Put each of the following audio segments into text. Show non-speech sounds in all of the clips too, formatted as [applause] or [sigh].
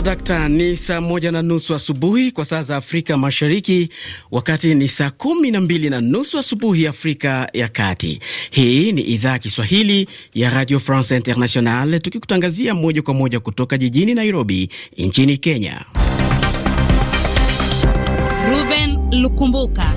dakta ni saa moja na nusu asubuhi kwa saa za Afrika Mashariki, wakati ni saa kumi na mbili na nusu asubuhi Afrika ya Kati. Hii ni idhaa ya Kiswahili ya Radio France international tukikutangazia moja kwa moja kutoka jijini Nairobi nchini Kenya. Ruben Lukumbuka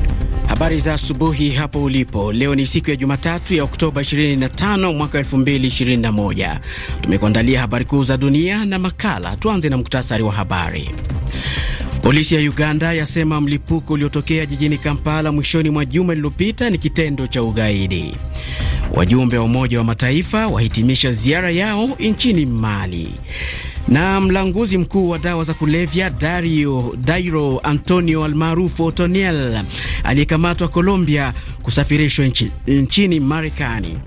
Habari za asubuhi hapo ulipo. Leo ni siku ya Jumatatu ya Oktoba 25 mwaka 2021. Tumekuandalia habari kuu za dunia na makala. Tuanze na muktasari wa habari. Polisi ya Uganda yasema mlipuko uliotokea jijini Kampala mwishoni mwa juma lililopita ni kitendo cha ugaidi. Wajumbe wa Umoja wa Mataifa wahitimisha ziara yao nchini Mali. Na mlanguzi mkuu wa dawa za kulevya Dario, Dairo Antonio almaarufu Otoniel aliyekamatwa Colombia kusafirishwa nchi, nchini Marekani.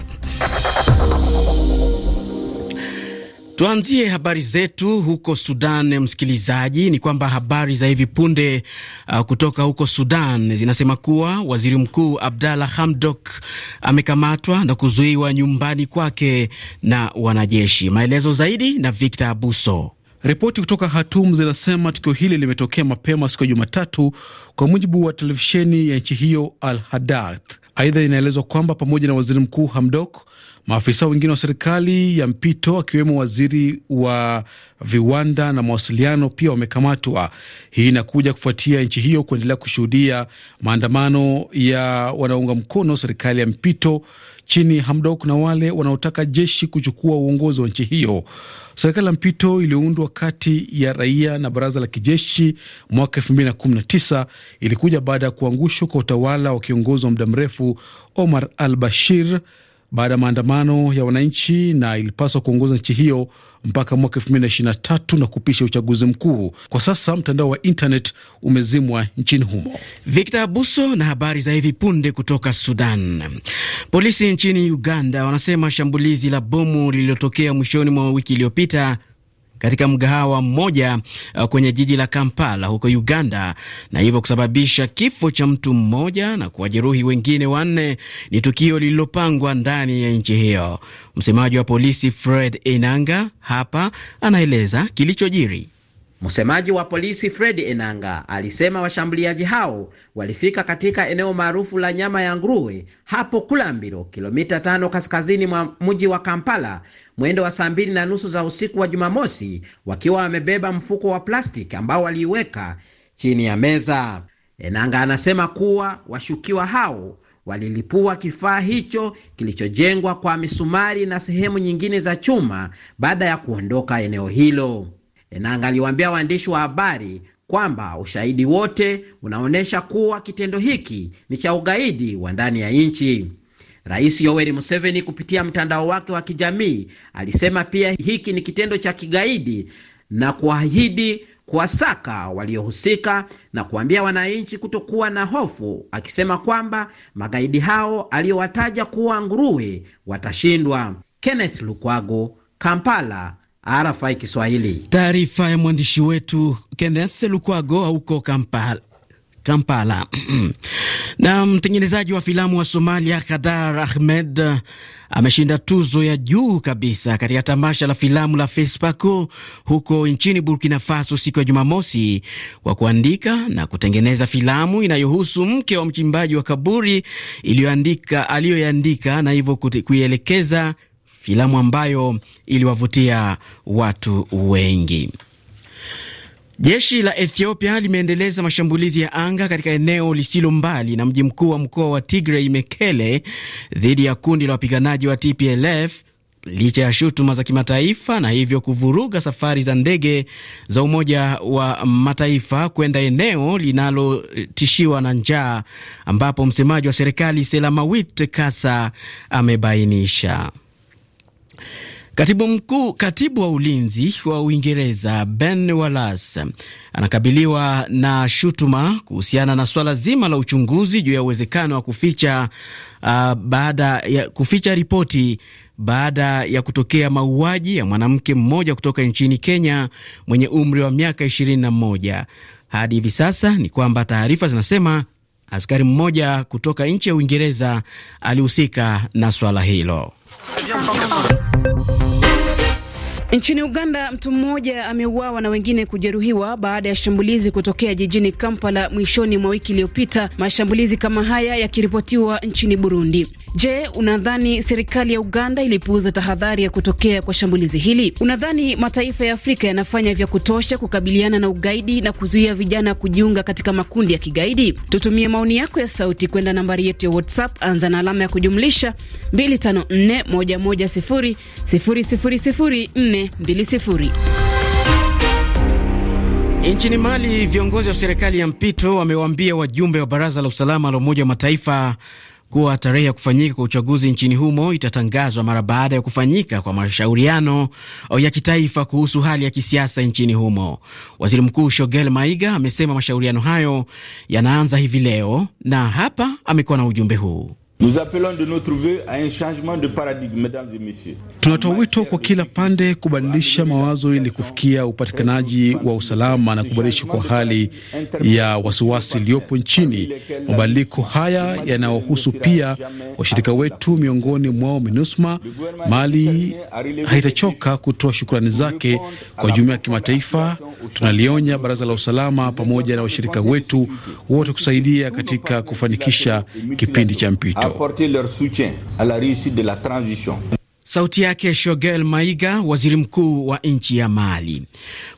Tuanzie habari zetu huko Sudan, msikilizaji, ni kwamba habari za hivi punde uh, kutoka huko Sudan zinasema kuwa waziri mkuu Abdalla Hamdok amekamatwa na kuzuiwa nyumbani kwake na wanajeshi. Maelezo zaidi na Victor Abuso. Ripoti kutoka Hatum zinasema tukio hili limetokea mapema siku ya Jumatatu, kwa mujibu wa televisheni ya nchi hiyo Al Hadath. Aidha, inaelezwa kwamba pamoja na waziri mkuu Hamdok Maafisa wengine wa serikali ya mpito akiwemo waziri wa viwanda na mawasiliano pia wamekamatwa. Hii inakuja kufuatia nchi hiyo kuendelea kushuhudia maandamano ya wanaunga mkono serikali ya mpito chini Hamdok na wale wanaotaka jeshi kuchukua uongozi wa nchi hiyo. Serikali ya mpito iliyoundwa kati ya raia na baraza la kijeshi mwaka tisa ilikuja baada ya kuangushwa kwa utawala wa kiongozi wa muda mrefu Omar al Bashir baada ya maandamano ya wananchi na ilipaswa kuongoza nchi hiyo mpaka mwaka 2023 na kupisha uchaguzi mkuu. Kwa sasa mtandao wa internet umezimwa nchini humo. Victor Abuso na habari za hivi punde kutoka Sudan. Polisi nchini Uganda wanasema shambulizi la bomu lililotokea mwishoni mwa wiki iliyopita katika mgahawa mmoja uh, kwenye jiji la Kampala huko Uganda, na hivyo kusababisha kifo cha mtu mmoja na kuwajeruhi wengine wanne. Ni tukio lililopangwa ndani ya nchi hiyo. Msemaji wa polisi Fred Enanga hapa anaeleza kilichojiri. Msemaji wa polisi Fred Enanga alisema washambuliaji hao walifika katika eneo maarufu la nyama ya nguruwe hapo Kulambiro, kilomita tano kaskazini mwa mji wa Kampala mwendo wa saa mbili na nusu za usiku wa Jumamosi, wakiwa wamebeba mfuko wa plastiki ambao waliiweka chini ya meza. Enanga anasema kuwa washukiwa hao walilipua kifaa hicho kilichojengwa kwa misumari na sehemu nyingine za chuma baada ya kuondoka eneo hilo. Enanga aliwaambia waandishi wa habari kwamba ushahidi wote unaonyesha kuwa kitendo hiki ni cha ugaidi wa ndani ya nchi. Rais Yoweri Museveni kupitia mtandao wake wa kijamii alisema pia hiki ni kitendo cha kigaidi na kuahidi kuwasaka waliohusika na kuambia wananchi kutokuwa na hofu, akisema kwamba magaidi hao aliyowataja kuwa nguruwe watashindwa. Kenneth Lukwago, Kampala, RFI Kiswahili. Taarifa ya mwandishi wetu Kenneth Lukwago huko Kampala. Kampala. [clears throat] Na mtengenezaji wa filamu wa Somalia Khadar Ahmed ameshinda tuzo ya juu kabisa katika tamasha la filamu la FESPACO huko nchini Burkina Faso siku ya Jumamosi kwa kuandika na kutengeneza filamu inayohusu mke wa mchimbaji wa kaburi iliyoandika aliyoandika na hivyo kuielekeza filamu ambayo iliwavutia watu wengi. Jeshi la Ethiopia limeendeleza mashambulizi ya anga katika eneo lisilo mbali na mji mkuu wa mkoa wa Tigray Mekele, dhidi ya kundi la wapiganaji wa TPLF licha ya shutuma za kimataifa na hivyo kuvuruga safari za ndege za Umoja wa Mataifa kwenda eneo linalotishiwa na njaa, ambapo msemaji wa serikali Selamawit Kasa amebainisha Katibu mkuu, katibu wa ulinzi wa Uingereza Ben Wallace anakabiliwa na shutuma kuhusiana na swala zima la uchunguzi juu ya uwezekano wa kuficha uh, baada ya kuficha ripoti baada ya kutokea mauaji ya mwanamke mmoja kutoka nchini Kenya mwenye umri wa miaka 21. Hadi hivi sasa ni kwamba taarifa zinasema askari mmoja kutoka nchi ya Uingereza alihusika na swala hilo. Bye. Nchini Uganda, mtu mmoja ameuawa na wengine kujeruhiwa baada ya shambulizi kutokea jijini Kampala mwishoni mwa wiki iliyopita, mashambulizi kama haya yakiripotiwa nchini Burundi. Je, unadhani serikali ya Uganda ilipuuza tahadhari ya kutokea kwa shambulizi hili? Unadhani mataifa ya Afrika yanafanya vya kutosha kukabiliana na ugaidi na kuzuia vijana kujiunga katika makundi ya kigaidi? Tutumie maoni yako ya sauti kwenda nambari yetu ya WhatsApp, anza na alama ya kujumlisha 25411000004 Nchini Mali, viongozi wa serikali ya mpito wamewaambia wajumbe wa baraza la usalama la Umoja wa Mataifa kuwa tarehe ya kufanyika kwa uchaguzi nchini humo itatangazwa mara baada ya kufanyika kwa mashauriano ya kitaifa kuhusu hali ya kisiasa nchini humo. Waziri Mkuu Shogel Maiga amesema mashauriano hayo yanaanza hivi leo, na hapa amekuwa na ujumbe huu. Nous appelons de notre vœu à un changement de paradigme, mesdames et messieurs. Tunatoa wito kwa kila pande kubadilisha mawazo ili kufikia upatikanaji wa usalama na kuboresha kwa hali ya wasiwasi iliyopo nchini. Mabadiliko haya yanayohusu pia washirika wetu, miongoni mwao MINUSMA. Mali haitachoka kutoa shukrani zake kwa jumuiya ya kimataifa tunalionya baraza la usalama pamoja na washirika wetu wote kusaidia katika kufanikisha kipindi cha mpito. Sauti yake Shogel Maiga, waziri mkuu wa nchi ya Mali.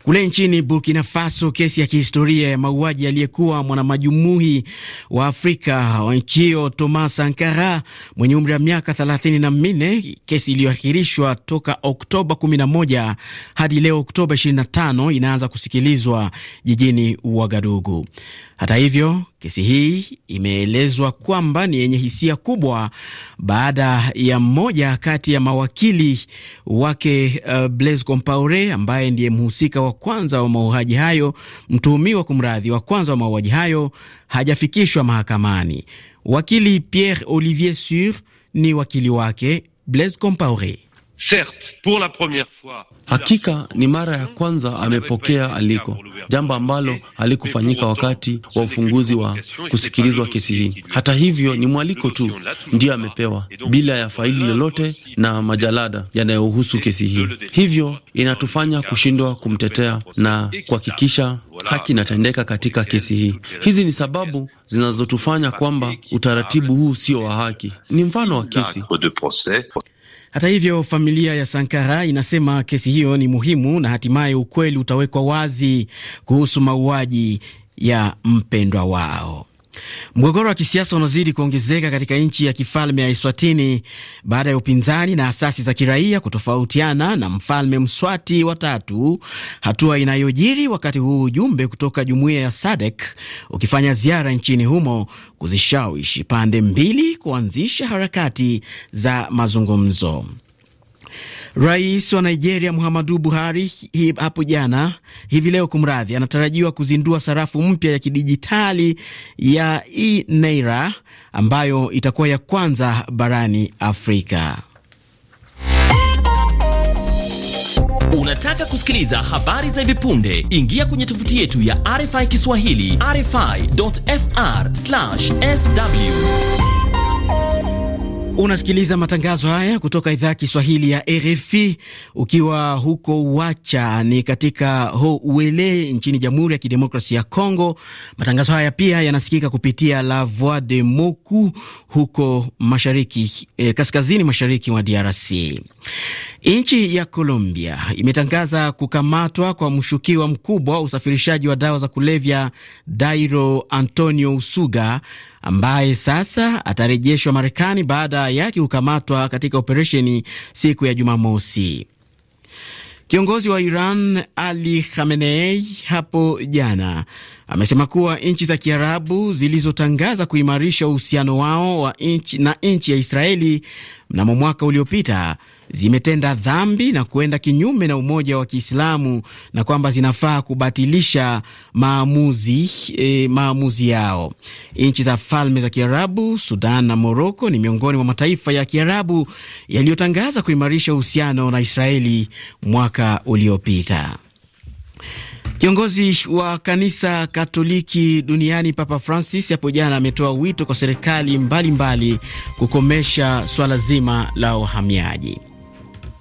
Kule nchini Burkina Faso, kesi ya kihistoria ya mauaji aliyekuwa mwanamajumuhi wa Afrika wa nchi hiyo Thomas Sankara mwenye umri wa miaka 34, kesi iliyoahirishwa toka Oktoba 11 hadi leo Oktoba 25 inaanza kusikilizwa jijini wagadugu Hata hivyo, kesi hii imeelezwa kwamba ni yenye hisia kubwa baada ya mmoja kati ya mawakili wake uh, Blaise Compaore ambaye ndiye mhusika wa kwanza wa mauaji hayo, mtuhumiwa kumradhi, wa kwanza wa mauaji hayo hajafikishwa mahakamani. Wakili Pierre Olivier Sur ni wakili wake Blaise Compaore. Hakika ni mara ya kwanza amepokea aliko, jambo ambalo halikufanyika wakati wa ufunguzi wa kusikilizwa kesi hii. Hata hivyo, ni mwaliko tu ndiyo amepewa, bila ya faili lolote na majalada yanayohusu kesi hii. Hivyo inatufanya kushindwa kumtetea na kuhakikisha haki inatendeka katika kesi hii. Hizi ni sababu zinazotufanya kwamba utaratibu huu sio wa haki, ni mfano wa kesi hata hivyo, familia ya Sankara inasema kesi hiyo ni muhimu na hatimaye ukweli utawekwa wazi kuhusu mauaji ya mpendwa wao. Mgogoro wa kisiasa unazidi kuongezeka katika nchi ya kifalme ya Eswatini baada ya upinzani na asasi za kiraia kutofautiana na mfalme Mswati wa tatu, hatua inayojiri wakati huu ujumbe kutoka jumuiya ya SADC ukifanya ziara nchini humo kuzishawishi pande mbili kuanzisha harakati za mazungumzo. Rais wa Nigeria Muhammadu Buhari hapo jana hivi leo, kumradhi, anatarajiwa kuzindua sarafu mpya ya kidijitali ya e-naira ambayo itakuwa ya kwanza barani Afrika. Unataka kusikiliza habari za hivi punde? Ingia kwenye tovuti yetu ya RFI Kiswahili, rfi.fr/sw. Unasikiliza matangazo haya kutoka idhaa ya Kiswahili ya RFI ukiwa huko Wacha ni katika uele nchini Jamhuri ya kidemokrasi ya congo Matangazo haya pia yanasikika kupitia La Voix de Moku huko mashariki, eh, kaskazini mashariki mwa DRC. Nchi ya Colombia imetangaza kukamatwa kwa mshukiwa mkubwa wa usafirishaji wa dawa za kulevya Dairo Antonio Usuga ambaye sasa atarejeshwa Marekani baada yake kukamatwa katika operesheni siku ya Jumamosi. Kiongozi wa Iran Ali Khamenei hapo jana amesema kuwa nchi za Kiarabu zilizotangaza kuimarisha uhusiano wao wa inchi na nchi ya Israeli mnamo mwaka uliopita zimetenda dhambi na kuenda kinyume na umoja wa Kiislamu na kwamba zinafaa kubatilisha maamuzi, e, maamuzi yao. Nchi za Falme za Kiarabu, Sudan na Moroko ni miongoni mwa mataifa ya Kiarabu yaliyotangaza kuimarisha uhusiano na Israeli mwaka uliopita. Kiongozi wa kanisa Katoliki duniani Papa Francis hapo jana ametoa wito kwa serikali mbalimbali kukomesha swala zima la uhamiaji.